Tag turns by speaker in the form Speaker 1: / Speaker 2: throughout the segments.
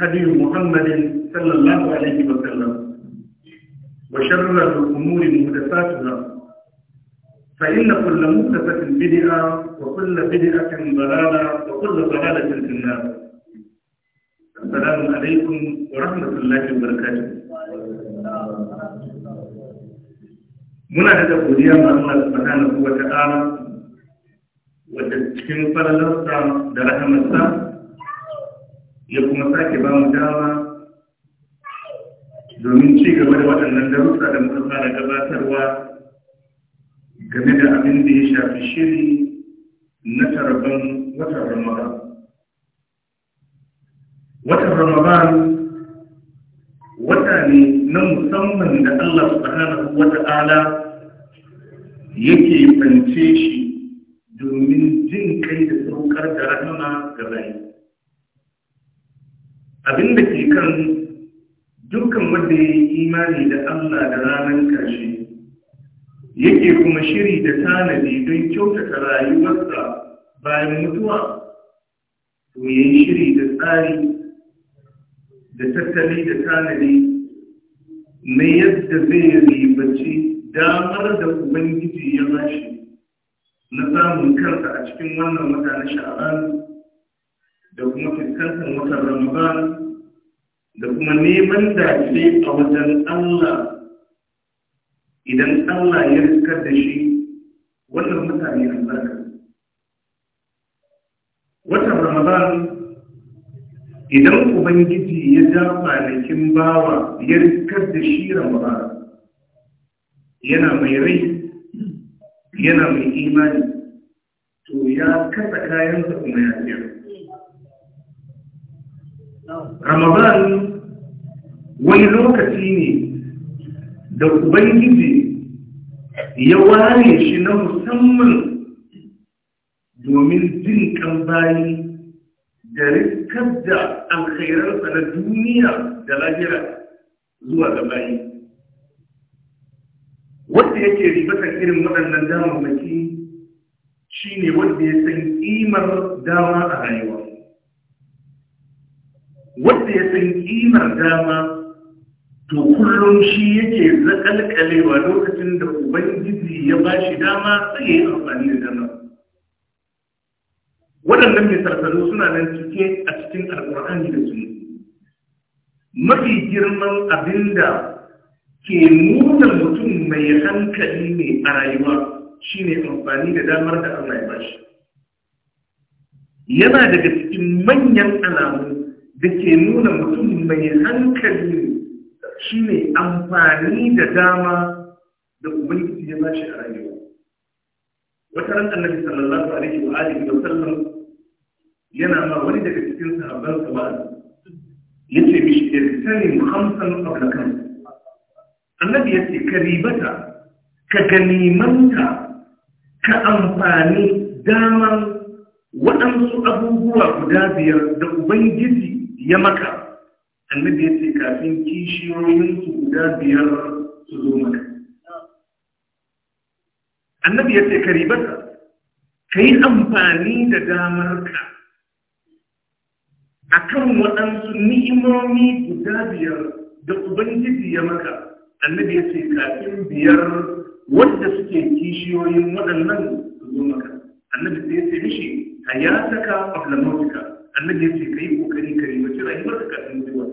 Speaker 1: هدي محمد صلى الله عليه وسلم وشر الأمور محدثاتها فإن كل محدثة بدعة وكل بدعة ضلالة وكل ضلالة في النار السلام عليكم ورحمة الله وبركاته muna da godiya ma Allah subhanahu wa ta'ala wadda cikin falalarsa da rahamarsa ya kuma sake ba mu dama domin ci gaba da waɗannan darussa da muka fara gabatarwa game da abin da ya shafi shiri na tarban watan ramadan watan ramadan wata ne na musamman da allah subhanahu wa ta'ala yake fance shi domin jin kai da saukar da rahama ga rayu abinda ke kan dukan wanda ya yi imani da Allah da ranar ƙarshe yake kuma shiri da tanadi don kyautata rayuwarsa bayan mutuwa to ya yi shiri da tsari da tattali da tanadi na yadda zai ribaci damar da ubangiji ya bashi na samun kansa a cikin wannan wata na da kuma fuskantar watan ramadan da kuma neman dace a wajen allah idan allah ya riskar da shi wannan mutane albarka watan ramadan idan ubangiji ya ja kwanakin bawa ya riskar da shi ramadan yana mai rai yana mai imani to ya kasa kayan kuma ya tsira
Speaker 2: ramadan
Speaker 1: wani lokaci ne da ubangiji ya ware shi na musamman domin jin kan bayi da rikar da alkhairarsa na duniya da lahira zuwa ga bayi wanda yake ribatar irin waɗannan maki shi ne wanda ya san ƙimar dama a rayuwa wanda ya san kimar dama to kullum shi yake zakalkalewa lokacin da ubangiji ya ba shi dama sai ya yi amfani da dama waɗannan misalsalu suna nan cike a cikin alƙur'ani da su mafi girman abinda ke nuna mutum mai hankali ne a rayuwa shine amfani da damar da Allah ya ba yana daga cikin manyan alamu da ke nuna mutum mai hankali shi ne amfani da dama da ubangiji ya bashi a rayuwa wata ran annabi sallallahu alaihi wa alihi wa sallam yana ma wani daga cikin sahabban sa wa'azi yace mishi irtani khamsan qabla kan annabi yace ka ribata ka ganimanta ka amfani daman waɗansu abubuwa guda biyar da ubangiji ya maka annabi ya ce kafin kishiyoyin su guda biyar su zo maka annabi ya ce ka ribata ka yi amfani da damarka a kan waɗansu ni'imomi guda biyar da ubangiji ya maka annabi ya ce kafin biyar wadda suke kishiyoyin waɗannan su zo maka annabi sai ya ce mishi hayataka aflamautika annabi ce kai kokari ka yi wace rayuwar ka kafin mutuwa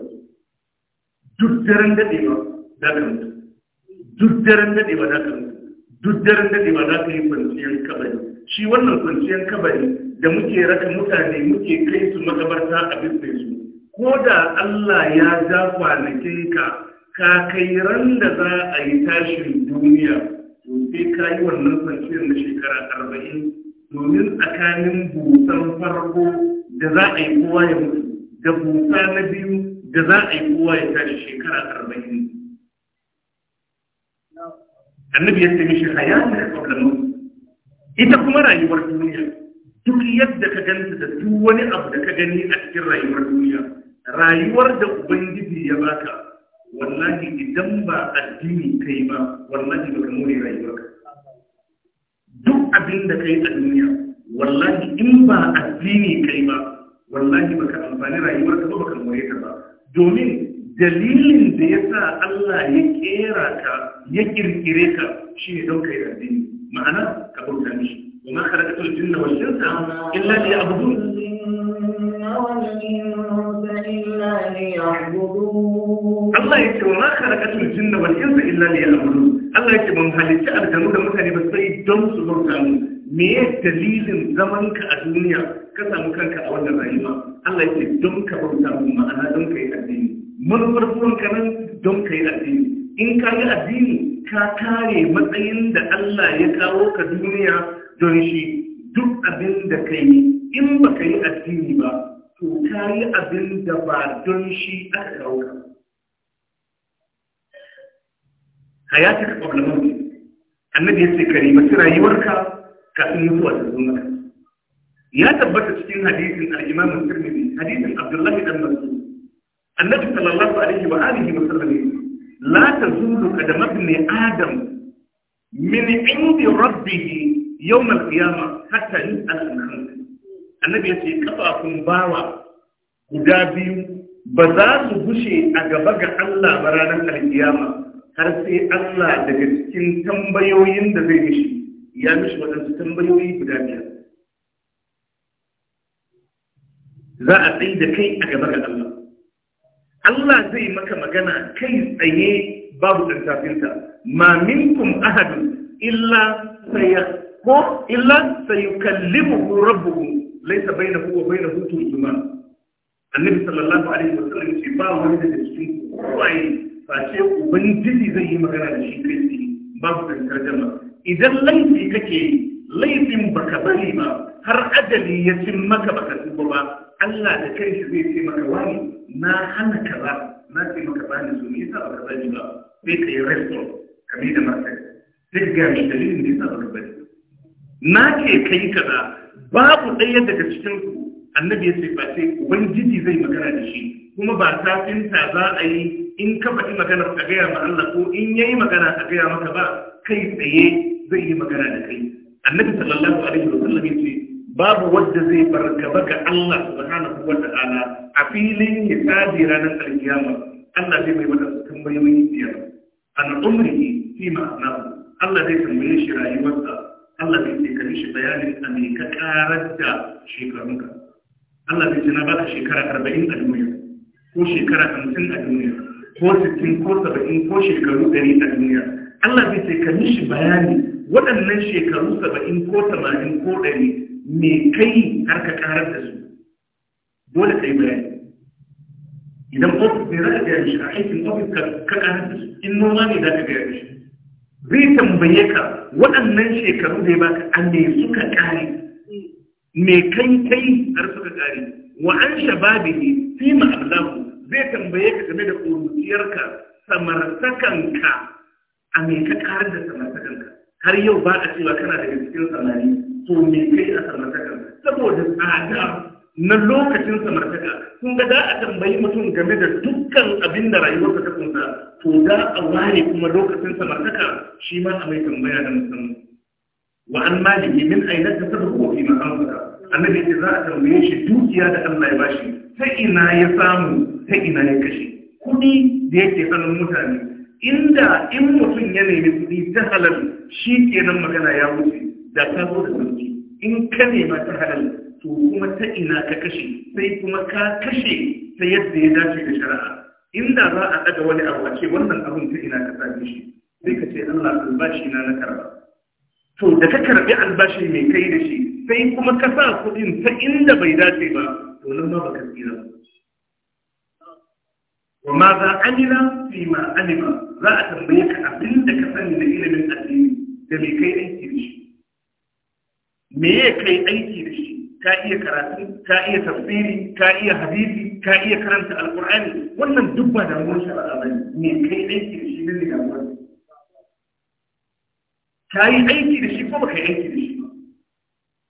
Speaker 1: duk daren dadewa za ka mutu duk daren dadewa za ka mutu duk daren dadewa za ka yi kwanciyar kabari shi wannan kwanciyar kabari da muke raka mutane muke kai su makabarta a bisne su ko da Allah ya ja kwanakinka ka kai ran da za a yi tashin duniya to sai ka yi wannan kwanciyar na shekara arba'in domin tsakanin busan farko da za a yi kowa ya mutu da buka na biyu da za a yi kowa ya tare shekara arba'in annabi ya ce mishi hayata da kwallon ita kuma rayuwar duniya duk yadda ka ganta da duk wani abu da ka gani a cikin rayuwar duniya rayuwar da ubangiji ya baka wallahi idan ba addini kai ba wallahi ba ka more rayuwarka duk abin da kai a duniya wallahi in ba addini kai ba wallahi baka amfani rayuwar ka baka more ta ba domin dalilin da ya sa Allah ya kera ka ya kirkire ka shine don kai addini ma'ana ka bauta mishi wa ma khalaqatul jinna wal insa illa liya'budun
Speaker 2: Allah ya ce wa ma
Speaker 1: khalaqatul jinna wal insa illa liya'budun Allah ya ce ban halitta aljanu da mutane ba sai don su bauta mu me ya dalilin zaman ka a duniya ka samu kanka a wannan rayuwa Allah yake don ka bauta mu ma'ana don ka yi addini mun farfon ka nan don ka yi addini in ka yi addini ka kare matsayin da Allah ya kawo ka duniya don shi duk abin da ka yi in ba ka yi addini ba to ka yi abin da ba don shi aka kawo ka hayata ka annabi ya ce ka nemi rayuwarka kafin mutuwa ta zo ya tabbata cikin hadisin al-Imam Tirmidhi hadisin Abdullah ibn Mas'ud annabi sallallahu alaihi wa alihi wa sallam la tazulu qadam ibn adam min indi rabbih yawm al-qiyamah hatta yus'al an khamsa annabi yace kafafun bawa guda biyu ba za su gushe a gaba ga Allah ba ranar al har sai Allah daga cikin tambayoyin da zai mishi ya mishi waɗansu tambayoyi guda biyar za a tsaye da kai a gaba ga Allah Allah zai maka magana kai tsaye babu tattafinta ma minkum ahadu illa saya ko illa sayukallimu rabbuhu laysa bainahu wa bainahu turjuman annabi sallallahu alaihi wasallam ce ba wani da cikin kowaye face ubangiji zai yi magana da shi kai tsaye babu tantar idan laifi kake laifin baka bari ba har ajali ya cin maka baka tuba ba Allah da kai shi zai ce maka wani na hana ka ba na ce maka bani su nisa baka bari ba sai ka yi restore ka da martani sai ga shi dalilin nisa baka bari na ke kai ka Ba babu ɗaya daga cikin ku annabi ya ce ba sai ubangiji zai magana da shi kuma ba safinta za a yi in ka faɗi maganar a gaya ma Allah ko in yayi magana a gaya maka ba kai tsaye zai yi magana da kai annabi sallallahu alaihi wa sallam yace babu wanda zai bar gaba ga Allah subhanahu wa ta'ala a filin hisabi ranar alkiyama Allah zai mai mata tambayoyi biyar an umrihi fi ma'ana Allah zai tambaye shi rayuwarsa Allah zai ce ka shi bayanin a me ka karar da shekarunka Allah zai ce na baka shekara 40 a duniya ko shekara 50 a duniya ko 60 ko 70 ko shekaru 100 a duniya Allah zai ce ka shi bayani waɗannan shekaru saba'in ko tamanin ko ɗari me kai har ka karar da su dole ka yi bayani idan ofis ne za ka gaya shi a aikin ofis ka karar da su in noma ne za ka gaya shi zai tambaye ka waɗannan shekaru da ya baka a me suka ƙare? me kai kai har suka ƙare? wa an shababi ne fi ma'ablahu zai tambaye ka game da ƙuruciyarka samartakanka a me ka karar da samartakanka har yau ba a cewa kana daga cikin samari to me kai a samartaka saboda tsada na lokacin samartaka kun ga za a tambayi mutum game da dukkan abin da rayuwarsa ta kunsa to da a ware kuma lokacin samartaka shi ma a mai tambaya da musamman wa an maliki min aina ta saba ma fi A annabi ya za a tambaye shi dukiya da Allah ya bashi ta ina ya samu ta ina ya kashe kuɗi da yake sanin mutane inda in mutum ya nemi kuɗi ta halal shi kenan magana ya wuce da ka zo da sarki in ka nema ta halal to kuma ta ina ka kashe sai kuma ka kashe ta yadda ya dace da shari'a inda za a ɗaga wani abu a ce wannan abin ta ina ka same shi sai ka ce Allah albashi na na karɓa to da ka karɓi albashi mai kai da shi sai kuma ka sa kuɗin ta inda bai dace ba to nan ma baka tsira wa ma za a nila fi ma alima za a tambaye ka abin da ka sani na ilimin addini da me kai aiki da shi me ya kai aiki da shi ka iya karatu ka iya tafsiri ka iya hadisi ka iya karanta alqur'ani wannan duk ba damuwar shari'a bane me kai aiki da shi ne damuwar ka yi aiki da shi ko ka yi aiki da shi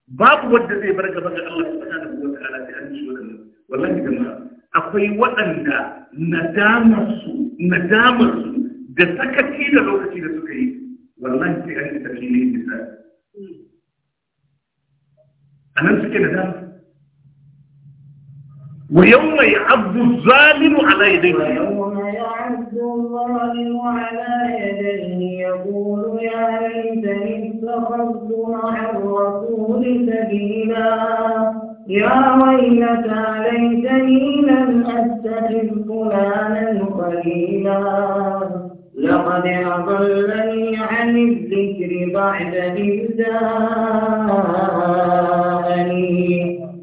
Speaker 1: babu wanda zai bar gaba ga Allah subhanahu wa ta'ala sai an ci wannan wallahi jama'a akwai waɗanda nadamarsu da sakaci da lokaci da suka yi wallahi ke an isa fili nisa a nan suke nadama wa yawma ya'abdu zalimu ala yadayhi wa yawma
Speaker 2: ya'abdu zalimu ala yadayhi yaqulu ya يا ويلتى ليتني لم أتخذ فلانا قليلا لقد أضلني عن الذكر بعد إذ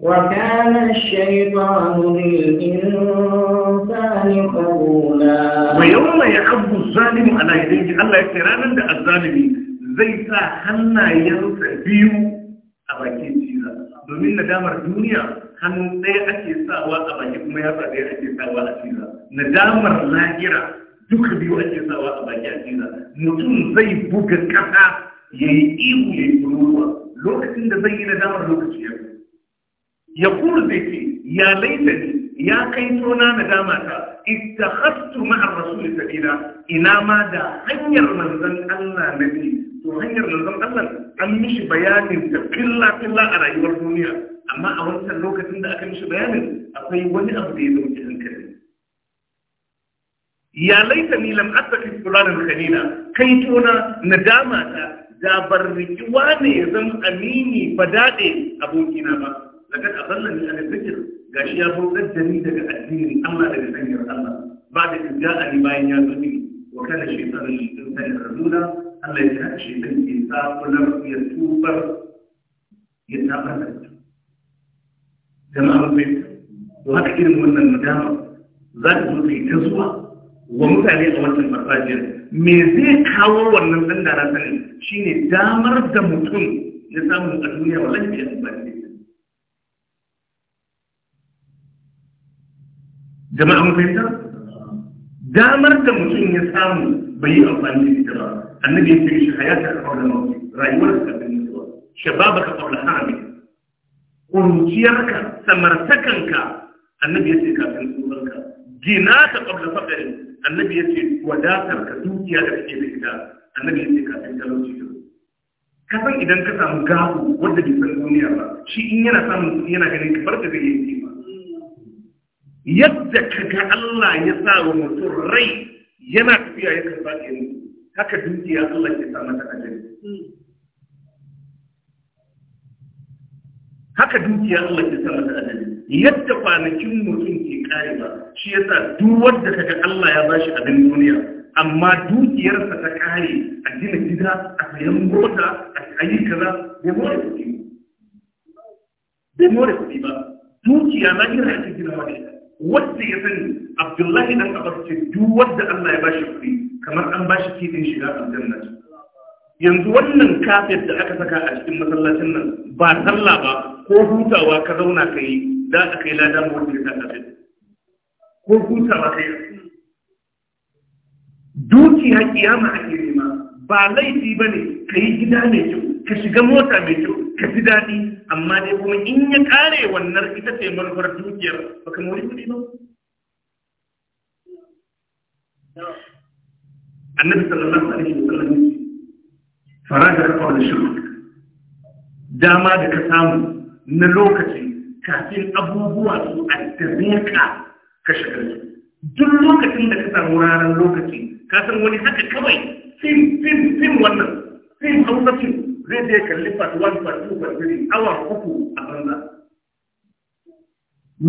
Speaker 2: وكان الشيطان للإنسان خذولا ويوم
Speaker 1: يخب الظالم على يديه الله يترانا الظالم زي حنا ينسى بيو أبكيتي domin nadamar duniya hannu ɗaya ake sawa a baki kuma yatsa ɗaya ake sawa a ciza nadamar lahira duka biyu ake sawa a baki a ciza mutum zai buga kasa ya yi ihu ya yi ruruwa lokacin da zai yi nadamar lokaci ya ya kuru zai ce ya laita ya kai tona nadama ta Ita hastu ma'ar rasul sabila ina ma da hanyar manzon Allah na nabi to hanyar zan Allah an mishi bayanin da filla filla a rayuwar duniya amma a wancan lokacin da aka mishi bayanin akwai wani abu da ya dauki hankali ya laita ni lam attaqi fulanan kai tona nadama ta da barriki wane ya zama amini ba dade abokina ba lakad aballani ala zikr gashi ya bautar da ni daga addinin Allah daga sanyar Allah ba da ja'ani bayan ya zo ni wa kana shaytanu lil rasula Allah ya tashi dan ke tsakular ya tubar ya tabar da ita jama'a bai to haka irin wannan nadama za ta zo ta yi ta zuwa wa mutane a wannan farfajiyar me zai kawo wannan dan da Shi ne damar da mutum ya samu a duniya wallahi ba amfani jama'a mun fahimta damar da mutum ya samu bai yi amfani da ita ba annabi ya ce shi hayata a kawo da mawuce rayuwar ka da mutuwa shababa ka kawo da hami kuruciyarka samartakanka annabi ya ce kafin tsoronka gina ka kawo da faɗarin annabi ya ce wadatar ka dukiya da kake da ita annabi ya ce kafin talauci ka kasan idan ka samu gaho wanda bai san duniya ba shi in yana samun yana ganin kamar da zai yi ba yadda kaga Allah ya sa wa mutum rai yana tafiya ya karba ke mu haka dukiya Allah ya sa mata ajali haka dukiya Allah ke sa mata ajali yadda kwanakin mutum ke kare ba shi yasa duk wanda kaga Allah ya bashi a duniya amma dukiyarsa ta kare a gina gida a sayan mota a yi kaza bai more kuɗi bai more kuɗi ba dukiya na kira ake gina wa wanda ya sani abdullahi dan abbas ce duk wanda Allah ya bashi kuɗi kamar an bashi kifin shiga aljanna yanzu wannan kafet da aka saka a cikin masallacin nan ba sallah ba ko hutawa ka zauna ka yi za ka kai lada mu wanda ya kafet ko hutawa ka yi dukiya kiyama ake nema ba laifi ba ne ka yi gida mai kyau ka shiga mota mai kyau ka ji daɗi amma dai kuma in ya kare wannan ita ce manufar dukiyar Ba baka mori kuɗi ba annabi sallallahu alaihi wa sallam faraga ka kawo shirk dama da ka samu na lokaci kafin abubuwa su addabe ka ka shagaltu duk lokacin da ka samu ranar lokaci ka san wani haka kawai fim fim fim wannan fim hausa fim zai je kalli part 1 part 2 part 3 awa uku a banza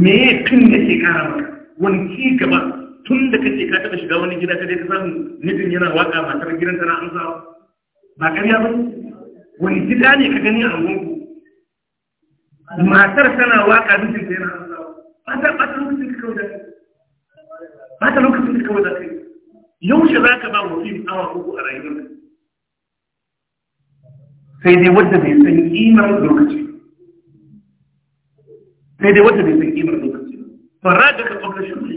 Speaker 1: me ya tun ke kara maka wani ci gaba tun da kake ka taɓa shiga wani gida ka je ka samu nufin yana waka matar gidan tana amsawa ba ƙarya ba wani gida ne ka gani a gungu matar tana waka nufin ta yana amsawa ba ta ba ta lokacin ka kawo da kai ba ta lokacin ka kawo da kai yaushe za ka ba wa fim awa uku a rayuwarka sai dai wadda bai san kimar lokaci sai dai wadda bai san kimar lokaci farada ka kwamna shi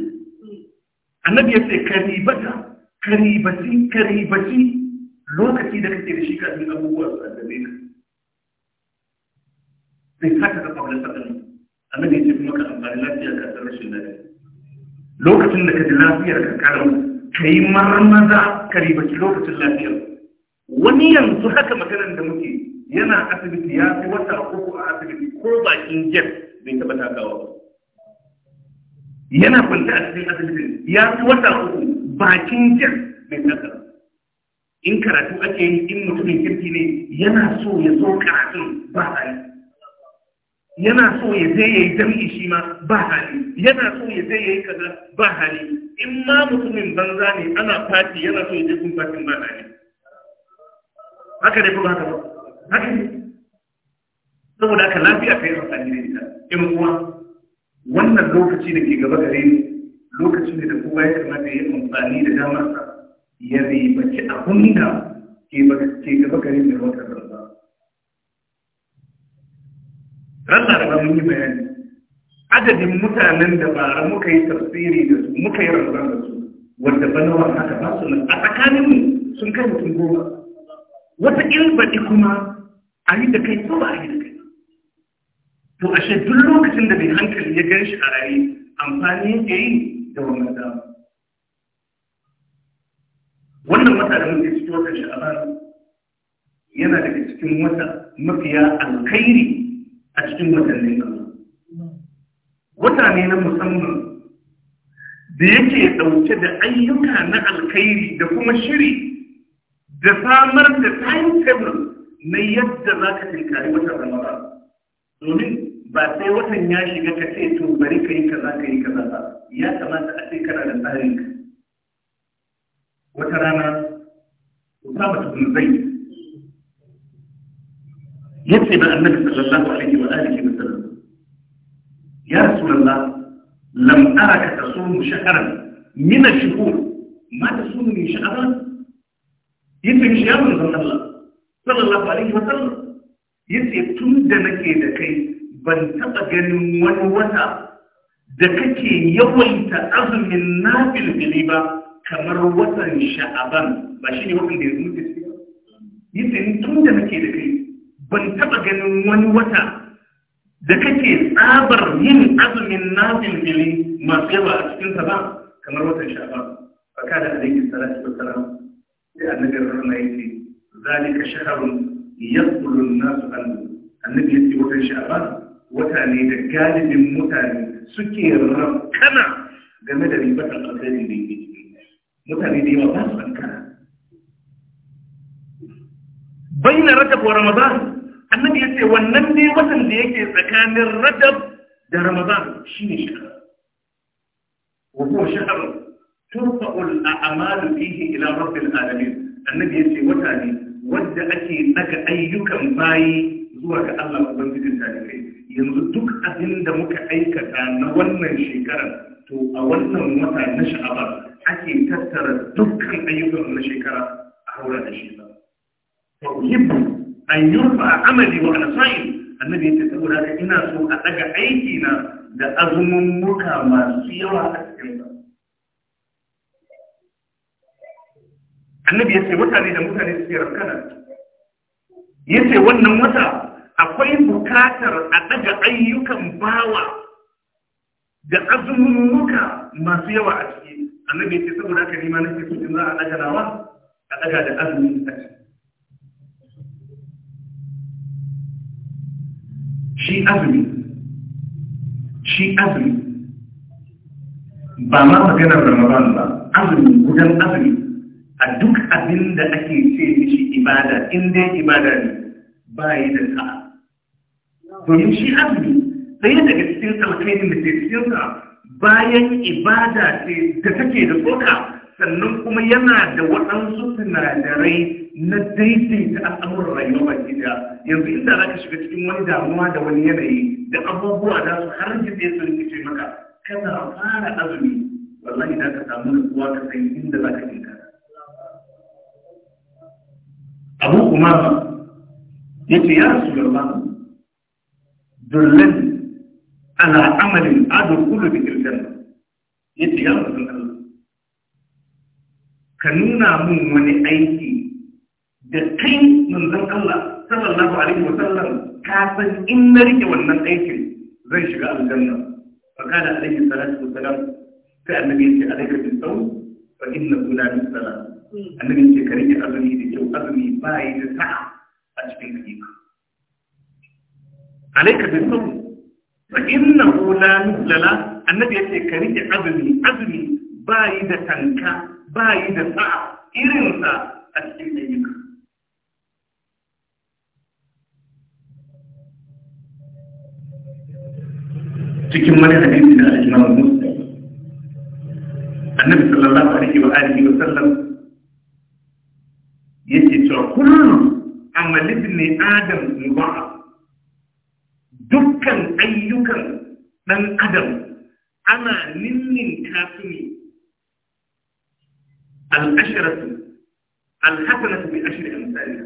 Speaker 1: annabi ya ce karibata karibaci karibaci lokaci da kake da shi kafin abubuwa su addabe ka sai saka ka kwamna sa'ani annabi ya ce kuma ka amfani lafiya ka san rashin lafiya lokacin da ka ji lafiyar ka karam ka yi marmaza karibati lokacin lafiyar wani yanzu haka maganar da muke yana asibiti ya fi wata uku a asibiti ko bakin jet bai taɓa takawa ba yana kwanta a cikin asibitin ya fi wata uku bakin jet bai taka in karatu ake yi in mutumin kirki ne yana so ya so karatun ba hali yana so ya je ya yi jam'i shi ma ba hali yana so ya je ya yi kaza ba hali in ma mutumin banza ne ana fati yana so ya je kun fatin ba hali haka dai kuma haka ba haka ne saboda haka lafiya ta yi amfani da ita in kuma wannan lokaci da ke gaba gare ni lokaci ne da kowa ya kamata ya yi amfani da damar sa, ya ribaci abin da ke gaba gare ni wata rana ranar da mun yi bayani adadin mutanen da bara muka yi tafsiri da su muka yi rarrabar da su wanda bana wa haka ba su nan a tsakaninmu sun kai mutum goma wata baɗi kuma a yi da kai ko ba a yi da kai to ashe duk lokacin da mai hankali ya gan shi a raye amfani yake yi da wannan dama wannan wata da muke cikin sha'aban yana daga cikin wata mafiya alkhairi a cikin watannin Allah wata ne na musamman da yake ɗauke da ayyuka na alkhairi da kuma shiri da samar da timetable na yadda za ka tinkari watan ramadan domin ba sai watan ya shiga ka ce to bari ka yi kaza ka yi kaza ba ya kamata a ce kana da tsarin ka wata rana usama ibn zaid yace da annabi sallallahu alaihi wa alihi wa sallam ya rasulullah lam araka tasumu shahran min ash-shuhur ma tasumu min shahran Yin yace mishi ya manzon Allah sallallahu alaihi wasallam yace tun da nake da kai ban taba ganin wani wata da kake yawaita azumin nafil bili ba kamar watan sha'aban ba shi ne watan da yanzu muke ciki yace tun da nake da kai ban taba ganin wani wata da kake tsabar yin azumin nafil bili masu yawa a cikin sa ba kamar watan sha'aban fa kada alaihi salatu wassalam لأنك رميت ذلك شهر يقبل الناس أن النبي يتي وفي شعبان وتاني دقال من متاني سكي ربكنا جمد لي بطل قتل لي متاني دي وضعف من كان بين رجب ورمضان النبي يتي والنبي وطن دي يتي سكان الرجب ده رمضان شيني شهر وهو شهر turfa'ul a'malu fihi ila rabbil alamin annabi yace wata ne wanda ake daga ayyukan bayi zuwa ga Allah ubangijin talibai yanzu duk abin da muka aikata na wannan shekarar to a wannan wata na sha'aba ake tattara dukkan ayyukan na shekara a haura da shi ba fa uhibbu an yurfa amali wa ana annabi yace saboda ina so a daga aiki na da azumin muka masu yawa a cikin annabi ya ce mutane da mutane suke rankana ya ce wannan wata akwai bukatar a daga ayyukan bawa da azumunuka masu yawa a ciki annabi ya ce saboda ka nima nake so in za a daga nawa a daga da azumi a ciki shi azumi shi azumi ba ma maganar ramadan ba azumi gudan azumi a duk abin da ake ce mishi ibada in dai ibada ne ba yi da sa'a domin shi azumi sai daga cikin alkhairin da ke cikinsa bayan ibada ce da take da tsoka sannan kuma yana da waɗansu sinadarai na daidaita al'amuran rayuwa baki da yanzu inda za ka shiga cikin wani damuwa da wani yanayi da abubuwa za su har jiɗe sun rikice maka kana fara azumi wallahi za ka samu nutsuwa ka san inda za ka kinka abu umar ya ce ya rasu yarba dullin ala amalin adon kulu da kirkir ya ce ya rasu Allah ka nuna mun wani aiki da kai manzon Allah sallallahu alaihi wasallam ka san in na rike wannan aikin zan shiga aljanna fa kana alaihi salatu salam sai annabi ya ce alaika bisawm fa innahu la bisala Hmm. annabi ce ka rike azumi da kyau azumi ba yi da sa'a a cikin hakika alaika bi sabr fa innahu la nuslala annabi yace ka rike azumi azumi ba yi da tanka ba yi da sa'a irin sa a cikin ayyuka cikin wani hadisi da al-Imam Muslim annabi sallallahu alaihi wa alihi wa sallam yake cewa kullum amal ibn adam mudha'af dukkan ayyukan dan adam ana ninnin kasu ne al'asharatu alhassanatu bi ashri amsalha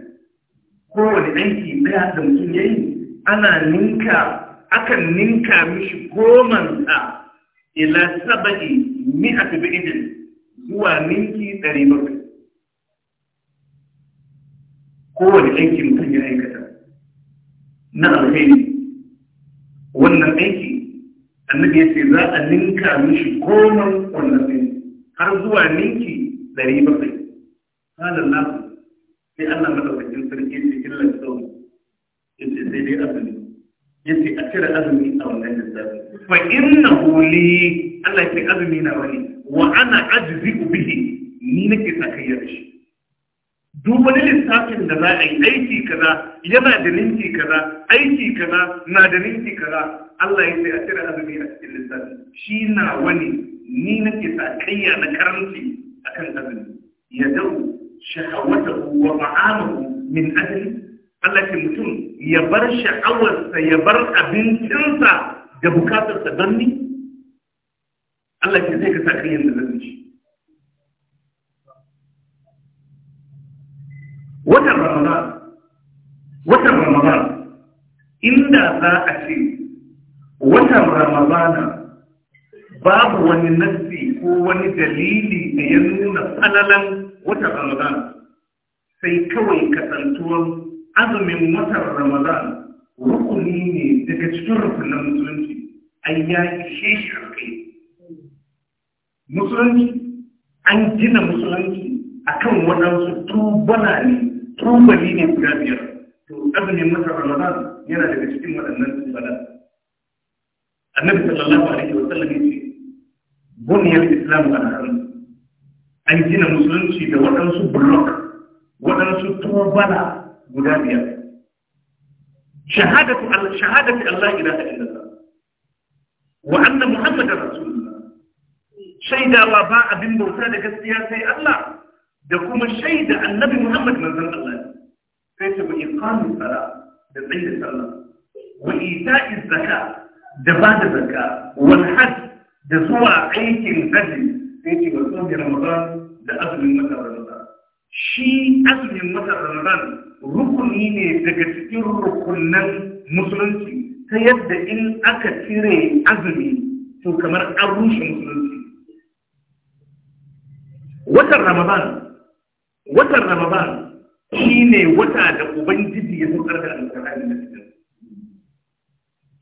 Speaker 1: kowane aiki daya da mutum yayi ana ninka akan ninka mishi goman sa ila sabai mi'atu bi'idin zuwa ninki ɗari 700 kowane aiki mutum ya aikata na alheri wannan aiki annabi ya ce za a ninka mishi goman wannan aiki har zuwa ninki ɗari bakwai halin nasu sai Allah madaukakin sarki ya ce illa sau ya ce sai dai azumi ya ce a cire azumi a wannan lissafi fa inna huli Allah ya ce azumi na wani wa ana ajzi bihi ni nake sakayyar shi duk wani lissafin da za a yi aiki kaza yana da ninki kaza aiki kaza na da ninki kaza Allah ya sai a cire azumi a cikin lissafin shi na wani ni na ke sa kayya na karanci akan azumi ya dau shahawatahu wa ma'amahu min ajli Allah ke mutum ya bar sha'awarsa ya bar abincinsa da bukatarsa don ni Allah ke zai ka sa kayyan da zai ci watan ramadan inda za a ce watan ramadana babu wani nassi ko wani dalili da ya nuna tsananan watan ramadan sai kawai kasantuwar azumin watan ramadan rukuni ne daga cikin rukunan musulunci an ya ishe kai musulunci an gina musulunci akan waɗansu tubana ne tubali ne guda biyar to azumin watan ramadan yana daga cikin waɗannan tubala annabi sallallahu alaihi wa sallam ya ce buniyar islam a an gina musulunci da waɗansu blok waɗansu tubala guda biyar shahadatu shahadatu Allah ilaha illallah wa anna muhammadar rasulullah shaidawa ba abin bauta da gaskiya sai Allah da kuma shaida annabi Muhammad manzon Allah sai ta wani iqamu sala da tsayin sallah wa ita'i zakka da ba da zakka Wani hajj da zuwa aikin hajji sai ce wa sun Ramadan da azumin watan Ramadan shi azumin watan Ramadan rukuni ne daga cikin rukunan musulunci ta yadda in aka cire azumi to kamar an rushe musulunci watan Ramadan watan ramadan shine wata da ubangiji ya saukar da cikin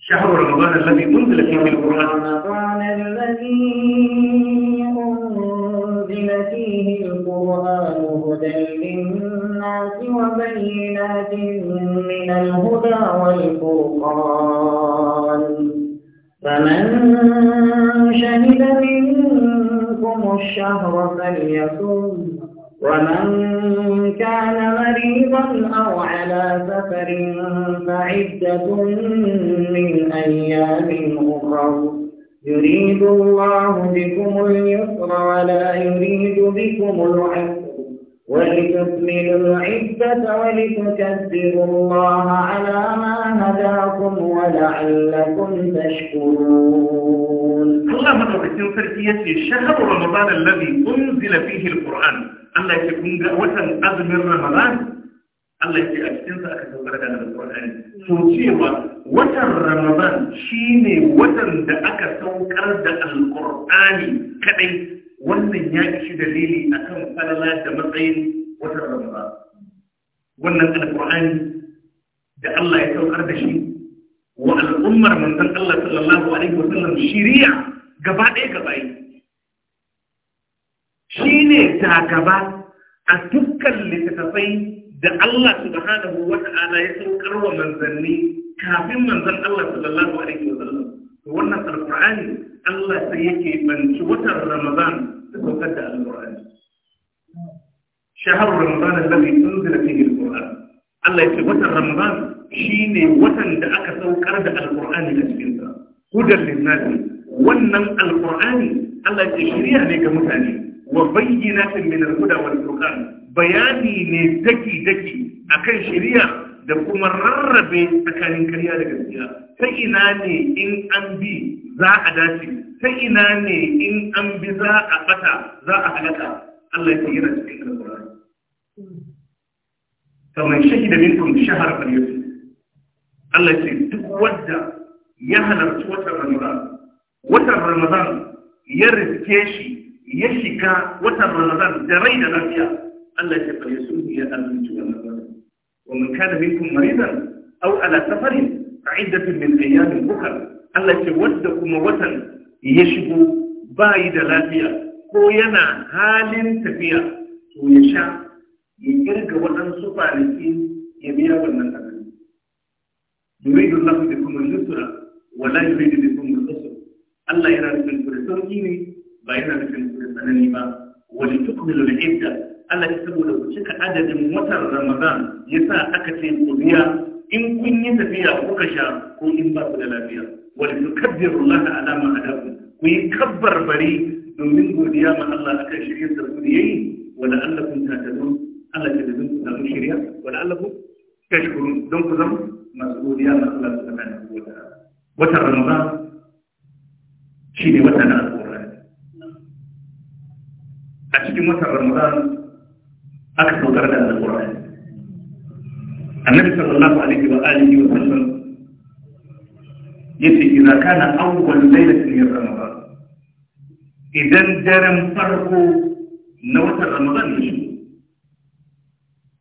Speaker 1: شهر رمضان الذي أنزل فيه القرآن رمضان
Speaker 2: الذي أنزل فيه القرآن هدى للناس وبينات من الهدى والفرقان فمن شهد منكم الشهر فليصم ومن كان مريضا أو على سفر فعدة من أيام أخر يريد الله بكم اليسر ولا يريد بكم العسر ولتكملوا العدة ولتكذبوا الله على ما هداكم ولعلكم
Speaker 1: تشكرون الله مدعو في شهر رمضان الذي أنزل فيه القرآن Allah ke kun ga watan azumin Ramadan Allah ke a cikin sa aka dogara da Alƙur'ani to cewa watan Ramadan shine watan da aka saukar da Alƙur'ani kadai wannan ya ishi dalili akan falala da matsayin watan Ramadan wannan Alƙur'ani da Allah ya saukar da shi wa al'ummar manzon Allah sallallahu alaihi wasallam shiriya gaba ɗaya gaba ɗaya
Speaker 2: shine takaba
Speaker 1: a dukkan littattafai da Allah subhanahu wa ta'ala ya saukar wa manzanni kafin manzan Allah sallallahu alaihi wa sallam to wannan alqur'ani Allah sai yake banci watan Ramadan da saukar da alqur'ani shahar Ramadan alladhi unzila fihi alqur'an Allah yake watan Ramadan shine watan da aka saukar da alqur'ani a cikin sa hudan linnasi wannan alqur'ani Allah ya shirya ne ga mutane wa bayyinatin min al-huda wal bayani ne daki daki akan shari'a da kuma rarrabe tsakanin karya daga gaskiya ta ina ne in an bi za a dace ta ina ne in an bi za a bata za a halaka Allah ya yana shahar Allah ya duk wanda ya halarci watan Ramadan ya riske shi ya shiga watan ramadan da rai da lafiya Allah ya fa yasu ya azuci wannan ramadan wa man kana minkum maridan aw ala safarin fa iddatun min ayyamin ukhra Allah ce wanda kuma watan ya shigo bai da lafiya ko yana halin tafiya to ya sha ya kirga waɗansu kwanaki ya biya wannan tsakani yuridu Allah bikum al-yusra wa la yuridu bikum al-usra Allah yana nufin ku da sauki ne ba yana nufin da tsanani ba wani tukmilu da idda Allah ya saboda ku cika adadin watan Ramadan yasa aka ce ku biya in kun yi tafiya kuka sha ko in ba ku da lafiya wani tukabbiru Allah ala ma hadakum ku yi kabbar bari domin godiya ma Allah akan shirye da ku yayi wa la'allakum tahtadun Allah ya dace ku samu shirya wa la'allakum tashkurun don ku zama masu godiya ma Allah subhanahu wa ta'ala watan Ramadan shine watan al a cikin watan ramadan aka saukar da alƙur'ani annabi sallallahu alaihi wa alihi wa sallam yace idza kana awwal laylatin min ramadan idan daren farko na watan ramadan ne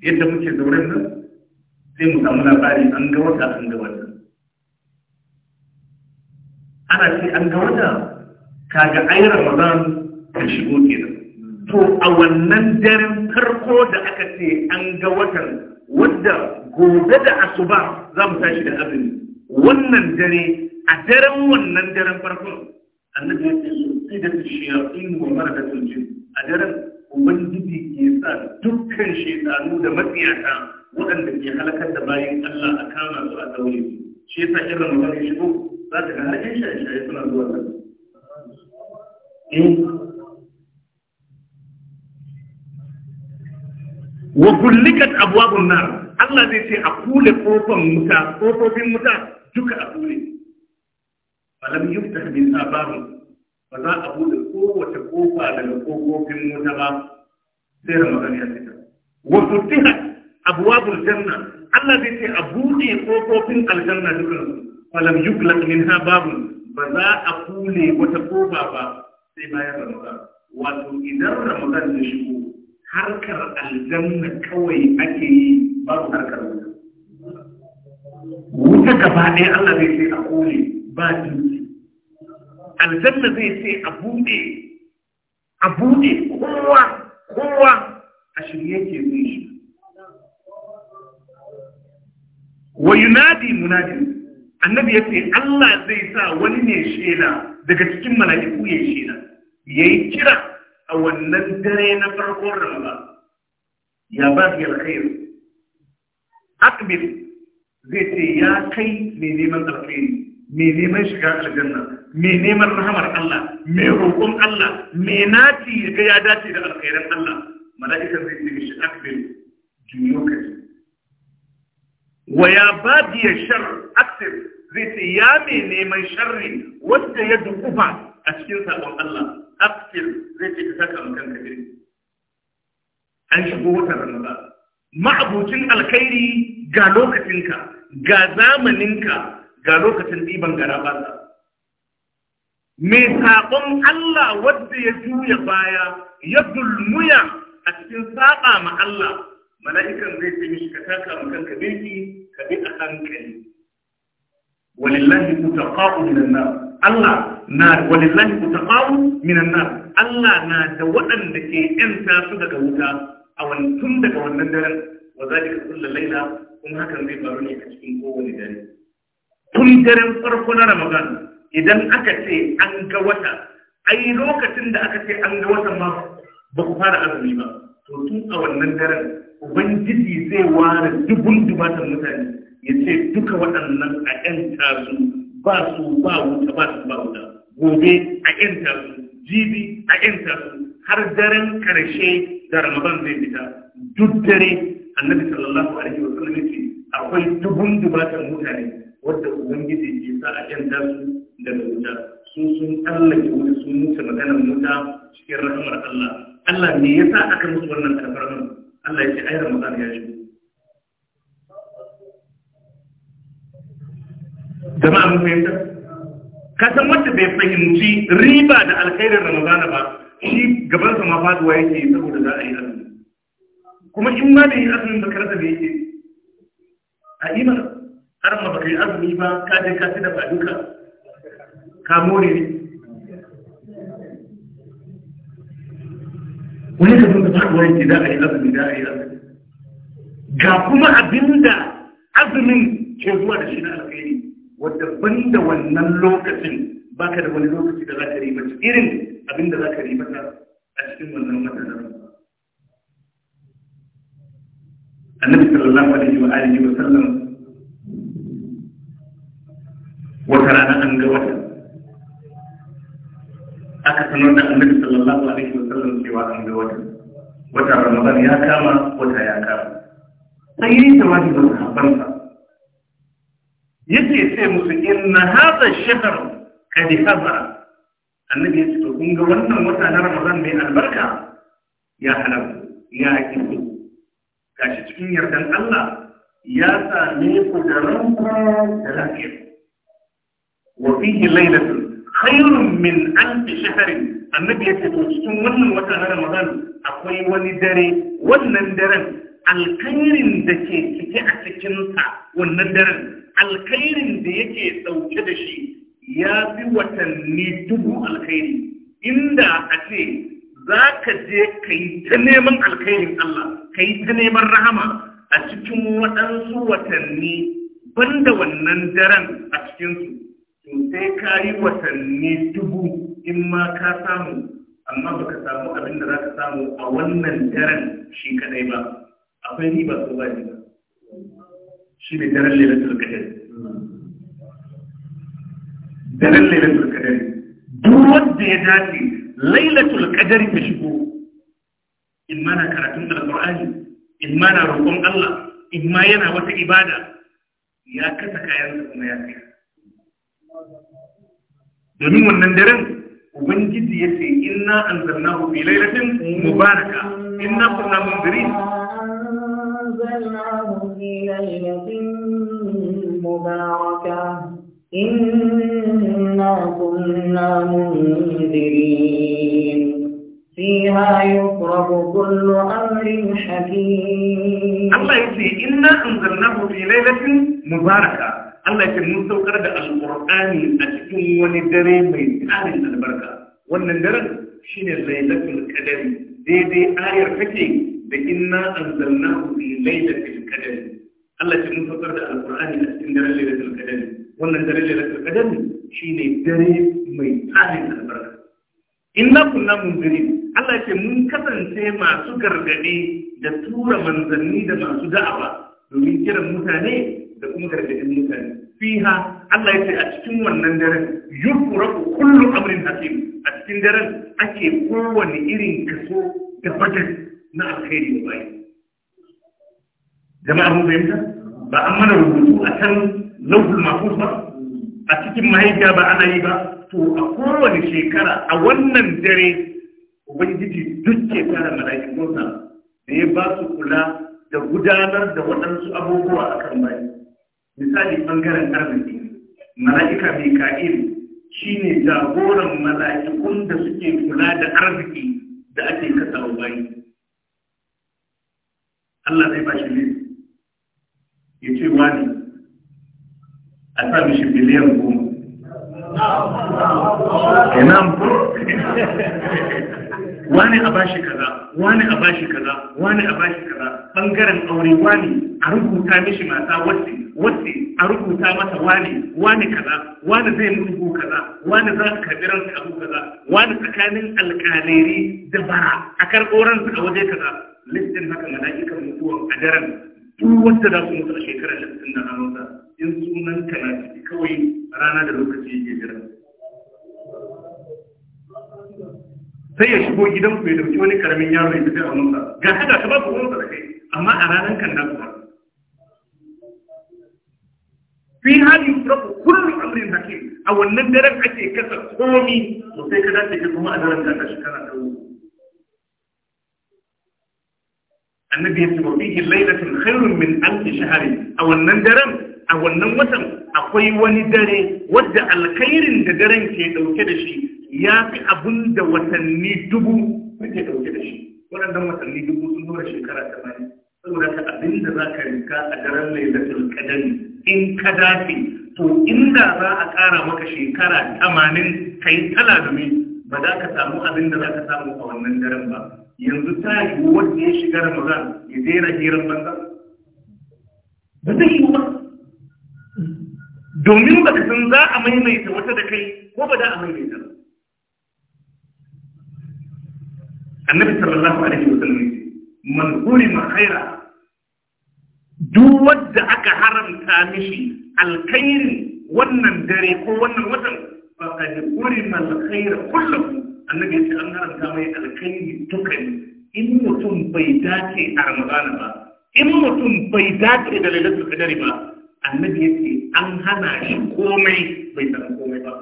Speaker 1: yadda muke zauren nan sai mu samu labari an ga wata an ga wata ana ce an ga wata kaga ai ramadan ka shigo kenan to a wannan daren farko da aka ce an ga watan wadda gobe da asuba za mu tashi da azumi wannan dare a daren wannan daren farko annabi ya ce sai da shayatin wa maradatul jin a daren ubangiji ke sa dukkan shaytanu da matsiyata waɗanda ke halakar da bayan Allah a kama su a daure su shi yasa irin Ramadan ya shigo za ta ga har shaye-shaye suna zuwa nan eh, wa gullikat abwabun nar Allah zai ce a kule kofofin wuta kofofin wuta duka a kule falam yuftah min ababun ba za a bude kowace kofa daga kofofin wuta ba sai ramadan ya fita wa futihat abwabul janna Allah zai ce a bude kofofin aljanna duka falam yuklaq minha babun ba za a kule wata kofa ba sai bayan ramadan wato idan ramadan ya shigo harkar aljanna kawai ake yi babu harkar wuta wuta gaba ɗaya Allah zai sai a kone ba dutse aljanna zai sai a buɗe a buɗe kowa kowa a shirye ke zai shi wa yunadi munadi annabi ya ce Allah zai sa wani ne shela daga cikin mala'iku ya shela yayi kira a wannan dare na farkon ramadan ya ba fi alkhair akbil zai ce ya kai mai neman alkhairi mai neman shiga aljanna mai neman rahamar Allah mai roƙon Allah mai naci ga ya dace da alkhairan Allah mala'ika zai ce mishi akbil juyo ka wa ya ba badiya shar aksir zai ce ya mai neman sharri wanda ya dukufa a cikin sabon Allah aktir zai ce ka saka kanka gari an shigo watan ramadan Ma'abocin alkhairi ga lokacinka ga zamaninka ga lokacin ɗiban gara basa mai saƙon Allah wadda ya juya baya ya dulmuya a cikin saƙa ma Allah mala'ikan zai ce mishi ka taka ma kanka birki ka bi a hankali walillahi mutaqa'u minan nar Allah na walillahi mutaqawu minan nar Allah na da waɗanda ke yanta su daga wuta a wannan daga wannan daren wa zalika kullu laila kuma hakan zai faru ne a cikin kowane dare tun daren farko na Ramadan idan aka ce an ga wata ai lokacin da aka ce an ga wata ma ba ku fara azumi ba to tun a wannan daren ubangiji zai ware dubun dubatan mutane ya ce duka waɗannan a 'yan tasu ba su ba wuta ba su ba wuta gobe a yanta su jibi a yanta su har daren karshe da ramadan zai fita duk dare annabi sallallahu alaihi wa sallam yace akwai dubun dubatan mutane wanda ubangiji ke sa a yanta su daga wuta su sun tsallake wuta sun mutu maganar wuta cikin rahmar Allah Allah me yasa aka musu wannan alfarman Allah ya ce ai ramadan ya shigo jama'a mun fahimta ka san wanda bai fahimci riba da alkhairin ramadana ba shi gaban sa ma faduwa yake saboda za a yi azumi kuma in ma da yi azumin ba karasa da yake a ima har ma baka yi azumi ba ka je ka da faduka ka more ne wani gaban da faduwa yake za a yi azumi za a yi azumi ga kuma abinda azumin ke zuwa da shi na alkhairi wadda da wannan lokacin ba ka da wani lokaci da za ka riba irin abin da za ka riba a cikin wannan matsalar annabi sallallahu alaihi wa alihi wa sallam wata rana an ga wata aka sanar da annabi sallallahu alaihi wa sallam cewa an ga wata wata ramadan ya kama wata ya kama sai yi tawaji da sahabbansa yake sai musu inna hadha shahr kad hazara annabi ya ce to kun ga wannan wata na ramadan mai albarka ya halar ya kiku gashi cikin yardan Allah ya sami ku da ranku da lafiya wa fihi lailatun khairun min alf shahr annabi ya ce to cikin wannan wata na ramadan akwai wani dare wannan daren alkhairin da ke cike a cikinsa wannan daren alkhairin da yake ɗauke da shi ya fi watanni dubu alkhairi inda a ce za ka je ka yi ta neman alkhairin Allah ka yi ta neman rahama a cikin waɗansu watanni banda wannan daren a cikinsu to sai ka yi watanni dubu in ma ka samu amma ba ka samu abin da za ka samu a wannan daren shi kadai ba akwai riba ko ba riba shi ne daren lailatul qadr daren lailatul qadr duk wanda ya dace lailatul qadr ta shigo in ma na karatun alqur'ani in ma na roƙon Allah in ma yana wata ibada ya kasa kayan da kuma ya kai domin wannan daren ubangiji ya ce inna anzalnahu fi lailatin mubaraka inna kunna munzirin
Speaker 2: أنزلناه في ليلة مباركة إنا كنا منذرين فيها يفرق كل أمر حكيم الله يقول إنا
Speaker 1: أنزلناه في ليلة مباركة Allah ke mun saukar da alƙur'ani a cikin wani dare mai tsarin albarka wannan daren shine lailatul qadr daidai ayar take da inna anzalnahu fi lailatul qadr Allah ya mun fakar da alqur'ani a cikin daren lailatul qadr wannan daren lailatul qadr shine dare mai tsarin albarka inna kunna munzirin Allah ya mun kasance masu gargadi da tura manzanni da masu da'awa domin kiran mutane da kuma gargadin mutane fiha Allah ya ce a cikin wannan daren yufraku kullu amrin hakim a cikin daren ake kowane irin kaso da bajet na alkhairi wa bayi jama'a mun fahimta ba an mana rubutu a can lauhul mahfuz ba a cikin mahaifiya ba ana yi ba to a kowane shekara a wannan dare ubangiji duk shekara mala'ikunsa da ya ba su kula da gudanar da waɗansu abubuwa a kan bayi misali ɓangaren arziki mala'ika mai ka'il shi ne jagoran mala'ikun da suke kula da arziki da ake kasa bayi Allah zai bashi ne ya ce wani a sa mishi biliyan goma kenan wani a bashi kaza wani a bashi kaza wani a bashi kaza ɓangaren aure wani a rubuta mishi mata wasi, wasi a rubuta mata wani wani kaza wani zai rubu kaza wani za ka karbi ranka abu kaza wani tsakanin alkaleri da bara a karɓo ranka a waje kaza listin haka mala'ikan mutuwan a daren duk wanda za su mutu a shekarar listin da hannunsa in sunan ka na ciki kawai rana da lokaci yake jira sai ya shigo gidan ku ya dauki wani karamin yaro ya tafi a hannunsa ga haka ka ba ku wani da kai amma a ranar kan nasu ba fi hali yusrafu kullu amrin hakim a wannan daren ake kasa komi to sai ka dace ka kuma a daren ka shekara ta wuce annabi ya ce wa fihi lailatin khairun min alf shahri a wannan daren a wannan watan akwai wani dare wadda alkhairin da daren ke dauke da shi ya fi abin da watanni dubu ke dauke da shi waɗannan watanni dubu sun nuna shekara tamanin saboda ka abin da za ka rika a daren lailatul qadari in ka dafe. to inda za a ƙara maka shekara tamanin kai tala domin ba za ka samu abin da za ka samu a wannan daren ba yanzu ta yi wanda ya shiga Ramadan ya daina hirar banza ba zai yi ba domin ba san za a maimaita wata da kai ko ba da a maimaita ba annabi sallallahu alaihi wa sallam man hurima khaira duk wanda aka haramta mishi alkhairi wannan dare ko wannan watan faqad hurima alkhaira kulluhu annabi ya ce an haramta mai alkayi tukani in mutum bai dace a ramadana ba in mutum bai dace da lailatul qadari ba annabi ya ce an hana shi komai bai san komai ba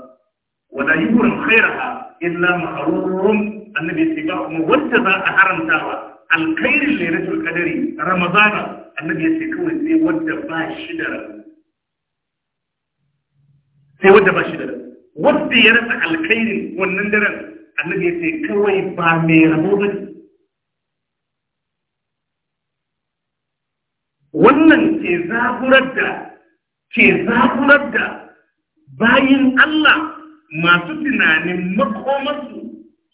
Speaker 1: wala yuram khairaha illa ma'rurun annabi ya ce ba kuma wanda za a haramtawa alkhairin lailatul qadari ramadana annabi ya ce kawai sai wanda ba shi da rabu sai wanda ba shi da rabu wanda ya rasa alkhairin wannan daren annabi yace kawai ba mai rabo ba wannan ke zaburar da ke zaburar da bayin Allah masu tunanin makomarsu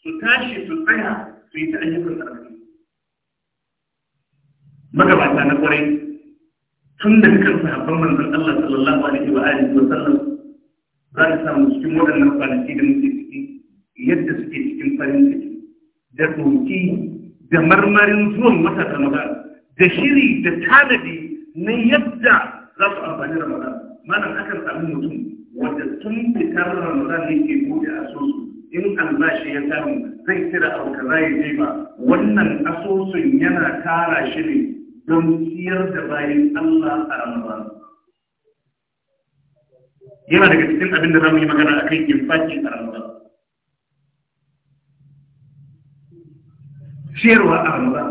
Speaker 1: su tashi su tsaya su yi ta ayyukan sarari magabata na kwarai tun da kan sahabban manzon Allah sallallahu alaihi wa alihi wa sallam za ka samu cikin waɗannan kwanaki da muke yadda suke cikin farin ciki da ɗoki da marmarin zuwan matasa maza, da shiri da tanadi na yadda za su amfani ramadan malam akan samu mutum wanda tun fitar ramadan ke buɗe asusu in albashi ya samu zai tira abu kaza ya je ba wannan asusun yana tara shi ne don siyar da bayan Allah a ramadan yana daga cikin abin da za mu yi magana akan infaki a ramadan ciyarwa a ramadan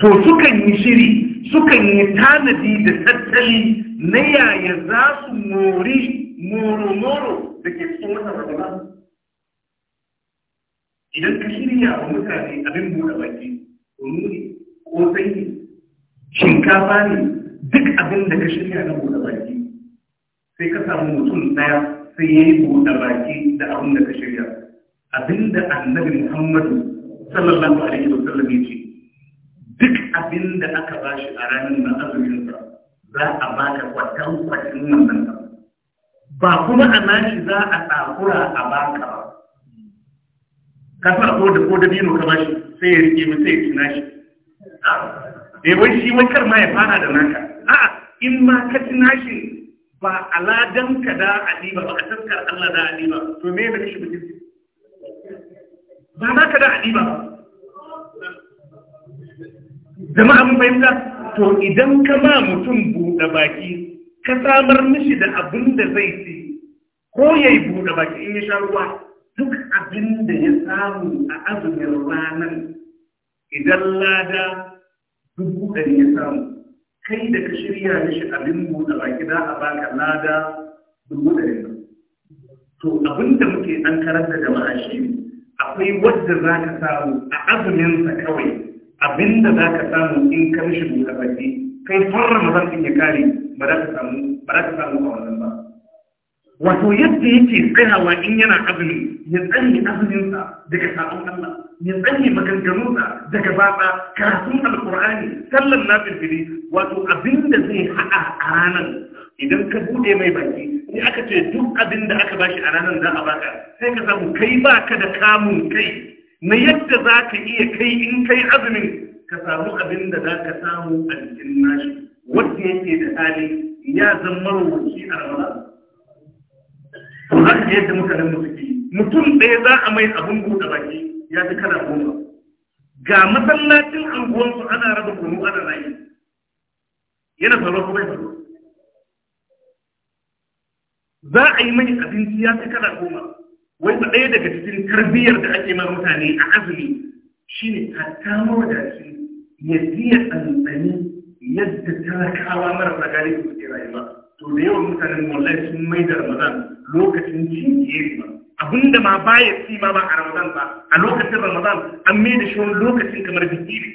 Speaker 1: to sukan yi shiri sukan yi tanadi da tattali na yaya za su mori moro-moro da ke cikin wata idan ka shirya wa mutane abin buɗe baki rumuni ko sanyi shinkafa ne duk abin da ka shirya na buɗe baki sai ka samu mutum ɗaya sai ya yi buɗe baki da abin da ka shirya abinda annabi Muhammadu sallallahu alaihi wa sallam ya ce duk abinda aka bashi a ranar na azumin sa za a baka kwatan kwatan wannan ba kuma a nashi za a takura a baka ba ka sa ko da ko da dino ka bashi sai ya rike mu sai ya tuna shi eh wai shi wai kar ma ya fara da naka a'a in ma ka tuna shi ba aladan ka da adiba ba a taskar Allah da adiba to me da kashi bikin ba za ka da ba jama'a mun fahimta to idan ka ba mutum buɗe baki ka samar mishi da abin da zai ce ko ya yi buɗe baki in ya sha ruwa duk abin da ya samu a azumin ranar idan lada dubu ɗari ya samu kai da ka shirya mishi abin buɗe baki za a baka lada dubu ɗari to abin da muke an karanta jama'a shi akwai wadda za ka samu a azuminsa kawai abinda za ka samu in ka mishi buɗe baki kai farra mazan ɗin ya kare ba za ka samu ba za ka samu a wannan ba wato yadda yake tsayawa in yana azumi ya tsanye azuminsa daga sabon Allah ya tsanye maganganunsa daga batsa karatun alkur'ani sallan nafilfili wato abinda zai haɗa a ranar idan ka bude mai baki in aka ce duk abin da aka bashi a ranar za a baka sai ka samu kai baka da kamun kai na yadda za ka iya kai in kai azumin ka samu abin da za ka samu a jikin nashi wanda yake da hali ya zan marowaci a ramadan to ka yadda mutanen mu suke mutum ɗaya za a mai abin buɗe baki ya fi kana goma ga masallacin anguwansu ana raba kunu ana rayu yana faruwa kuma ya faruwa za a yi mai abinci ya fi kala goma wai ba ɗaya daga cikin tarbiyyar da ake ma mutane a azumi shine hatta mawadaci ya biya tsantsani yadda talakawa marasa gane su suke rayuwa to da yawan mutanen wallahi sun mai da ramadan lokacin cin jeri ba abinda ma baya ci ma ba a ramadan ba a lokacin ramadan an mai da shi wani lokacin kamar biki ne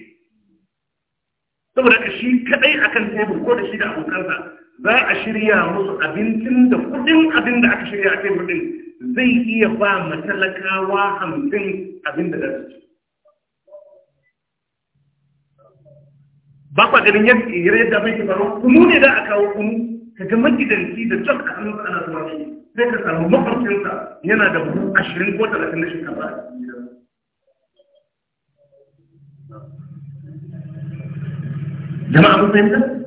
Speaker 1: saboda ka shi kaɗai akan tebur ko da shi da abokansa za a shirya musu abincin da kudin abin da aka shirya a kai kudin zai iya ba matalakawa hamsin abin da za su ba kwa ganin yadda yare da mai kifaro kunu ne da a kawo kunu ka ga magidanci da cok a hannun ana zuwa shi sai ka samu mafarkinsa yana da buhu ashirin ko talatin na shekara jama'a mun fahimta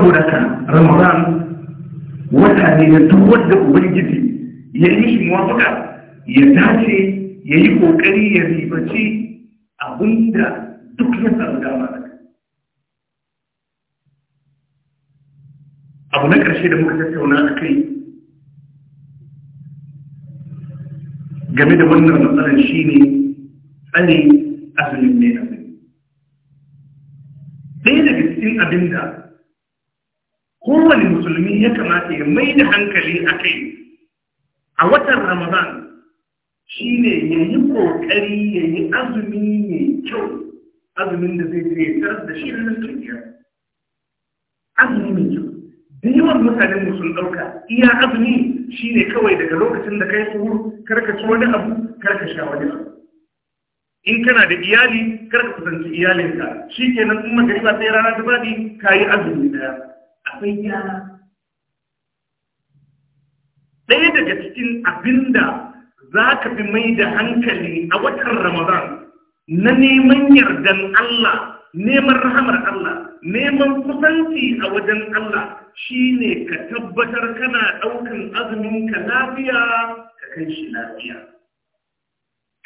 Speaker 1: saboda ka ramadan wata ne na duk wanda ubangiji ya yi shi mafaka ya dace ya yi kokari ya ribaci abinda duk ya samu dama da abu na ƙarshe da muka tattauna a kai game da wannan matsalar shi ne tsane azumin mai azumi ɗaya daga cikin abin da kowane musulmi ya kamata ya mai da hankali a kai a watan ramadan shi ne ya yi ƙoƙari ya yi azumi mai kyau azumin da zai zaitar da shi na tunkiya azumi mai kyau da yawan mutanen sun ɗauka iya azumi shi ne kawai daga lokacin da kai suhur karka ci wani abu karka sha wani abu in kana da iyali karka kusanci iyalinka shi kenan in magariba sai rana ta baɗi ka yi azumi daya akwai gyara ɗaya daga cikin abinda za ka fi mai da hankali a watan ramadan na neman yardan Allah neman rahamar Allah neman kusanci a wajen Allah shi ne ka tabbatar kana ɗaukan azumin ka lafiya ka kai shi lafiya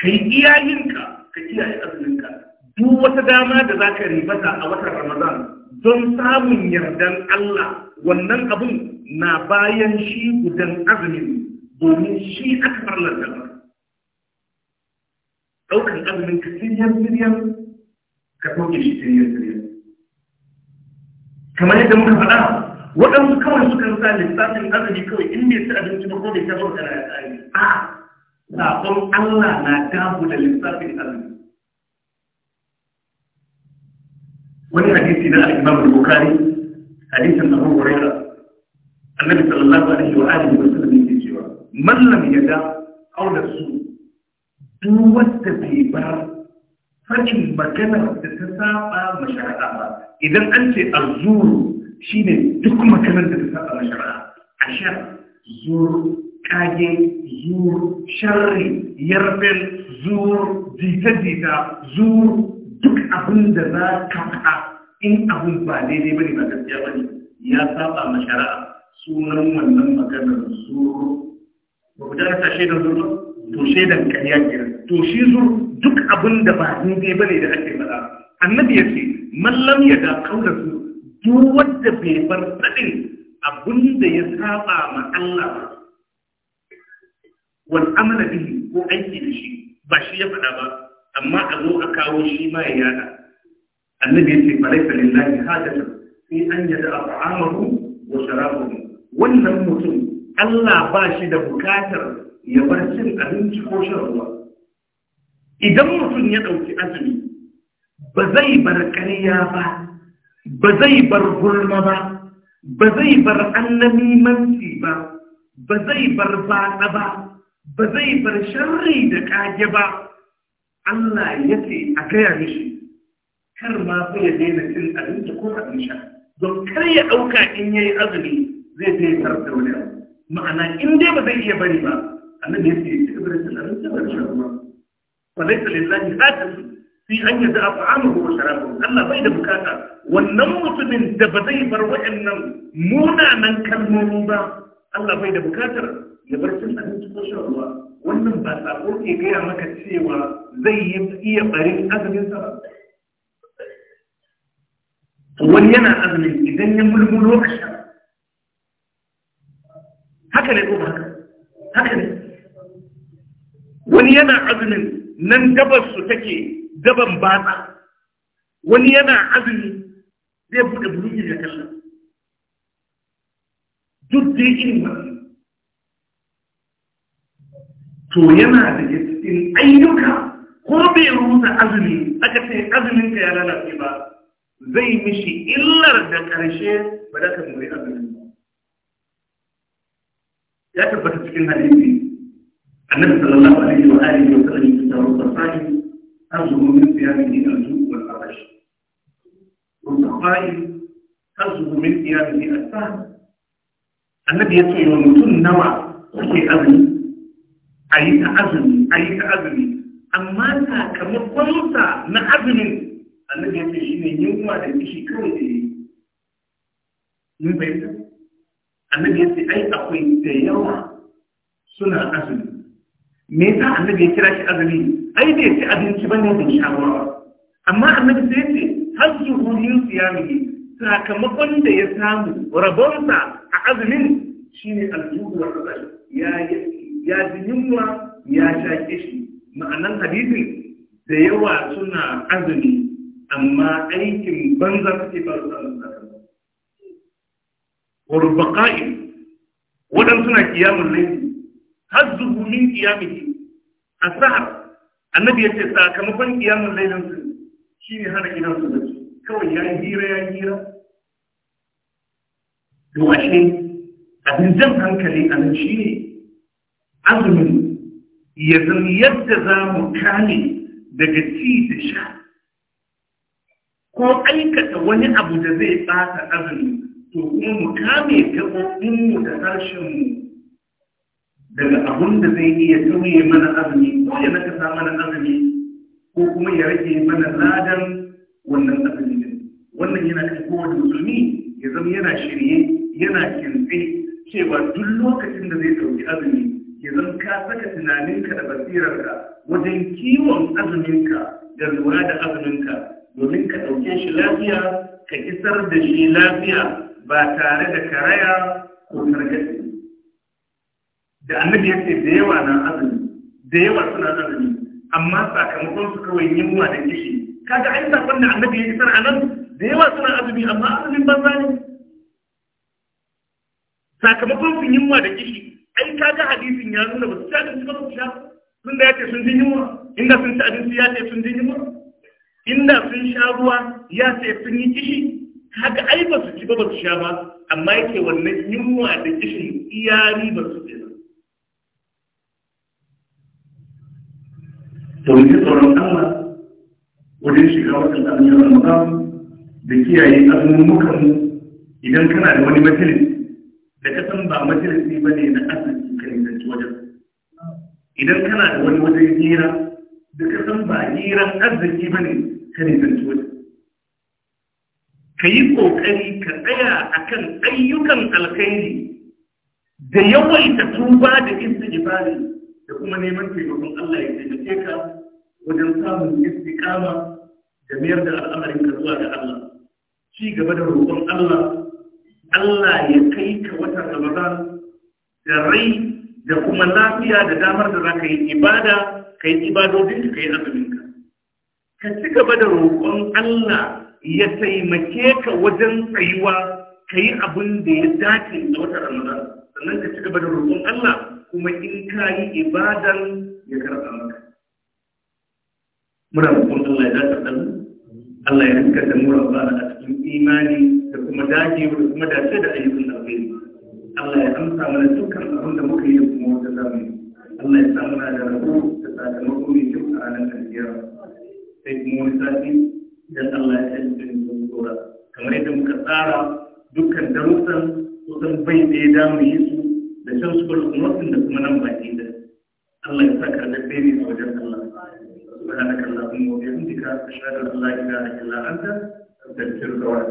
Speaker 1: ka yi iyayenka ka kiyaye azuminka duk wata dama da za ka ribata a watan ramadan don samun yardan Allah wannan abun na bayan shi gudan azumin domin shi aka farlanta ba. Ɗaukan azumin ka siriyar-siriyar ka ɗauke shi siriyar-siriyar. Kamar yadda muka faɗa, waɗansu kawai sukan sa lissafin azumi kawai in bai ci abinci ba ko bai ta bauta na ya tsari. A, sabon Allah na damu da lissafin azumi. wani hadisi na al-Imam al-Bukhari hadisin Abu Hurairah Annabi sallallahu alaihi wa alihi wa sallam yake cewa man lam yada qawla su duk wanda bai bar fadin magana da ta saba ma shari'a ba idan an ce azuru shine duk maganar da ta saba ma shari'a ashar zur kage zur sharri yarbel zur jita-jita zur duk abin da za ka faɗa in abin ba daidai bane ba gaskiya bane ya saba ma shari'a sunan wannan maganar zuru ba ku tara tashe da zuru to shaidan ƙarya kenan to shi zuru duk abin da ba ne bane da ake faɗa annabi ya ce mallam ya da kaula su duk wanda bai bar sadin abin da ya saba ma Allah ba wal amala bihi ko aiki da shi ba shi ya faɗa ba amma a zo a kawo shi ma ya yada annabi ya ce lillahi hajjata sai an yada a wa sharabahu wannan mutum Allah ba shi da bukatar ya bar cin abinci ko shan ruwa idan mutum ya ɗauki azumi ba zai bar ƙarya ba ba zai bar gulma ba ba zai bar annamimanci ba ba zai bar baɗa ba ba zai bar sharri da ƙage ba Allah ya ce a gaya mishi kar ma ku ya daina cin abinci ko abin sha don kar ya ɗauka in ya yi azumi zai je ya tarar da wani abu ma'ana in dai ba zai iya bari ba annabi ya ce ya ci gaba da cin abinci ba da shan ruwa fa laysa lillahi hajatun fi an yadda a fa'amuhu wa sharabuhu Allah bai da bukata wannan mutumin da ba zai bar wa'annan munanan kalmomi ba Allah bai da bukatar ya bar cin abinci ko shan ruwa wannan ba sako ke gaya maka cewa zai yi iya barin azumin sa ba wani yana azumin idan ya mulmulo a sha haka ne ko haka haka ne wani yana azumin nan dabar su take daban batsa wani yana azumi zai buɗe buɗe da kallon duk dai irin wannan to yana daga cikin ayyuka ko bai rusa azumi aka ce azumin ka ya lalace ba zai mishi illar da karshe ba da ka muri azumin ba ya tabbata cikin hadisi annabi sallallahu alaihi wa alihi wa sallam ya tsaro tsari azumu min siyamihi al-ju' wal arash rusafa'i azumu min siyamihi al-sahm annabi ya ce wa mutum nawa kuke azumi a yi ta azumi a yi ta azumi amma
Speaker 2: sakamakonsa na
Speaker 1: azumin annabi ya ce shi ne yunwa da kishi kawai da yi mun fahimta annabi ya ce ai akwai da yawa suna azumi me yasa annabi ya kira shi azumi ai bai ci abinci bane da sha ruwa amma annabi sai ya ce hazzuhu min siyamihi sakamakon da ya samu rabonsa a azumin shine ne judu wa ya yi ya ji yunwa ya sha kishi ma'anan hadisin da yawa suna azumi amma aikin banza suke ba su samun sakamako warbaqa'i waɗansu suna kiyamun laifi har zuhu min kiyamiki a sahar annabi ya ce sakamakon kiyamun laifin su shi ne hana gidan su zaki kawai ya hira ya hira to ashe abin jan hankali a nan shi ne azumin ya zama yadda za mu kame daga ci da sha ko aikata wani abu da zai ɓata azumi to kuma mu kame gaɓoɓinmu da harshenmu daga abun da zai iya tauye mana azumi ko ya nakasa mana azumi ko kuma ya rage mana ladan wannan azumi wannan yana kan kowane musulmi ya zama yana shirye yana kinze cewa duk lokacin da zai ɗauki azumi idan ka saka tunaninka da basirarka wajen kiwon azuminka da lura da azuminka domin ka ɗauke shi lafiya ka isar da shi lafiya ba tare da karaya ko targaɗe da annabi ya ce da yawa na azumi da yawa suna azumi amma sakamakon su kawai yunwa da kishi kaga an sakon da annabi ya isar a nan da yawa suna azumi amma azumin banza ne sakamakon su yunwa da kishi ai ga hadisin ya nuna ba su ci abinci ba su sha sun da yake sun ji yunwa inda sun ci abinci ya ce sun ji yunwa inda sun sha ruwa ya ce sun yi kishi haka ai ba su ci ba ba su sha ba amma yake wannan yunwa da kishin iyari ba su ce ba to ni tsoron Allah wajen shiga watan annabi Ramadan da kiyaye azumumukan idan kana da wani matsalin da ka san ba majalisi ba ne na asibiti ka nisanci wajen idan kana da wani wajen hira da ka san ba hiran arziki ba ne ka nisanci wajen ka yi ƙoƙari ka tsaya a kan ayyukan alkhairi da yawaita tuba da istighfari da kuma neman taimakon Allah ya taimake ka wajen samun istiqama da mayar da al'amarin ka zuwa ga Allah ci gaba da roƙon Allah Allah ya kai ka watan Ramadan da rai da kuma lafiya da damar da za ka yi ibada ka yi ibadodin ka yi azuminka ka ci gaba da roƙon Allah ya taimake ka wajen tsayuwa ka yi abin da ya dace da wata Ramadan sannan ka ci gaba da roƙon Allah kuma in ka yi ibadan ya karɓa maka muna roƙon Allah ya dace da Allah ya rinka da ba da imani da kuma dacewa da kuma dace da ayyukan alheri Allah ya amsa mana dukkan abin da muka yi da kuma wata zamu Allah ya samu na da rabu da sakamako mai kyau a ranar kajiya sai kuma wani sati idan Allah ya yi da mu tsora kamar yadda muka tsara dukkan darussan kusan bai ɗaya da mu yi su da shan su kwalkwalwatin da kuma nan baki da Allah ya saka da bai ne wajen Allah. سبحانك اللهم وبحمدك أشهد أن لا إله إلا anta that killed our